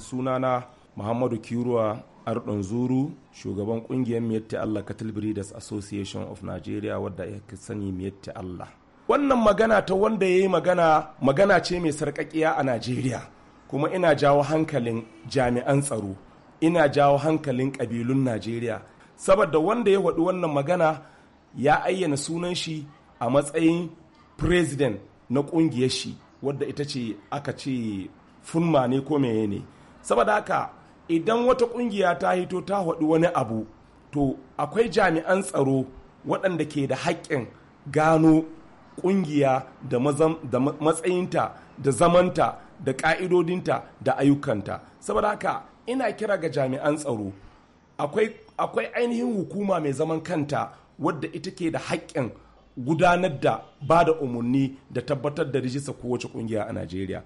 sunana muhammadu kiruwa ardon zuru shugaban kungiyar miyatti allah cattle breeders association of nigeria wadda aka sani miyatti allah wannan magana ta wanda ya yi magana magana ce mai sarƙaƙiya a najeriya kuma ina jawo hankalin jami'an tsaro ina jawo hankalin kabilun najeriya saboda wanda ya waɗi wannan magana ya ayyana sunan shi a matsayin president na ƙungiyar shi wadda ita ce aka ce funma ne ko meye ne saboda haka idan wata kungiya ta hito ta haɗu wani abu to akwai jami'an tsaro waɗanda ke da haƙƙin gano kungiya da matsayinta da zamanta da ƙa'idodinta da ayyukanta saboda haka ina kira ga jami'an tsaro akwai ainihin hukuma mai zaman kanta wadda ita ke da haƙƙin gudanar da ba da umarni da tabbatar da rijista kowace kungiya a najeriya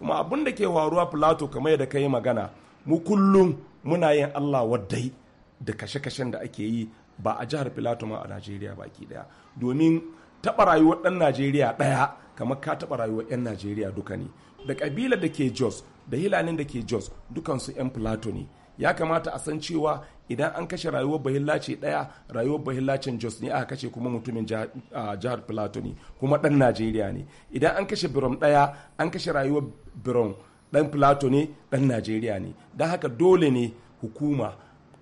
kuma abin da ke waruwa plato kamar yadda yi magana mu kullum muna yin allah waddai da kashe-kashen da ake yi ba a jihar plato ma a najeriya baki daya domin taɓa rayuwar ɗan najeriya ɗaya kamar ka taɓa rayuwar 'yan najeriya duka ne da ƙabila da ke jos da hilanin da ke jos dukansu 'yan plato ne ya kamata a san cewa idan an kashe rayuwar bahillaci daya rayuwar bahillacin jos ne aka kashe kuma mutumin jihar plateau ne kuma dan najeriya ne idan an kashe birom daya an kashe rayuwar birom dan plateau ne dan najeriya ne don haka dole ne hukuma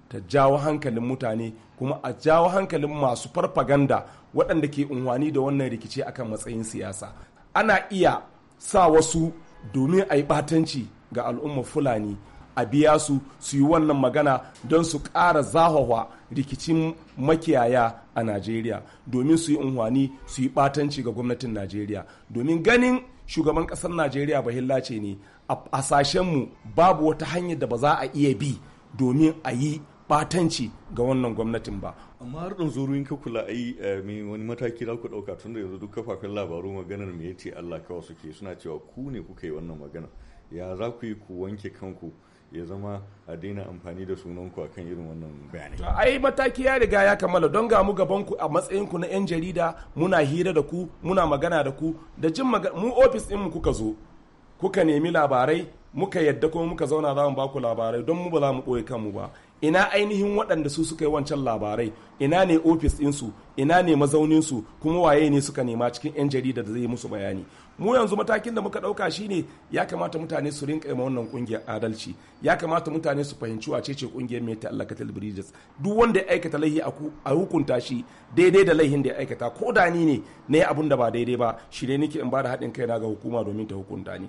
ta jawo hankalin mutane kuma a jawo hankalin masu farfaganda waɗanda ke unwani da wannan rikici akan matsayin siyasa ana iya sa wasu domin a yi ɓatanci ga al'ummar fulani a biya su su yi wannan magana don su ƙara zahawa rikicin makiyaya a najeriya domin su yi unhwani su yi ɓatanci ga gwamnatin najeriya domin ganin shugaban ƙasar najeriya bahilla ce ne a sashenmu babu wata hanyar da ba za a iya bi domin a yi ɓatanci ga wannan gwamnatin ba amma har ɗan zuru ka kula ai eh, mai wani mataki za ku ɗauka tun da yanzu duk kafafen labaru maganar me yace Allah kawai suke suna cewa ku ne kuka yi wannan magana ya za ku yi ku wanke kanku ya zama a daina amfani da sunanku akan irin wannan bayanai. ai mataki ya riga ya kammala don ga mu gaban ku a matsayin ku na yan jarida muna hira da ku muna magana da ku da jin mu ofis din mu kuka zo kuka nemi labarai muka yadda kuma muka zauna za mu ba ku labarai don mu ba za mu ɓoye kanmu ba ina ainihin waɗanda su suka yi wancan labarai ina ne ofis ɗinsu ina ne mazauninsu kuma waye ne suka nema cikin 'yan jarida da zai yi musu bayani mu yanzu matakin da muka ɗauka shine ya kamata mutane su rinka ma wannan ƙungiyar adalci ya kamata mutane su fahimci wace ce ƙungiyar mai ta'allakatul bridges duk wanda ya aikata laihi a hukunta shi daidai da laihin da ya aikata ko da ni ne na yi abun da ba daidai ba shi ne nake in ba da haɗin kaina ga hukuma domin ta hukunta ni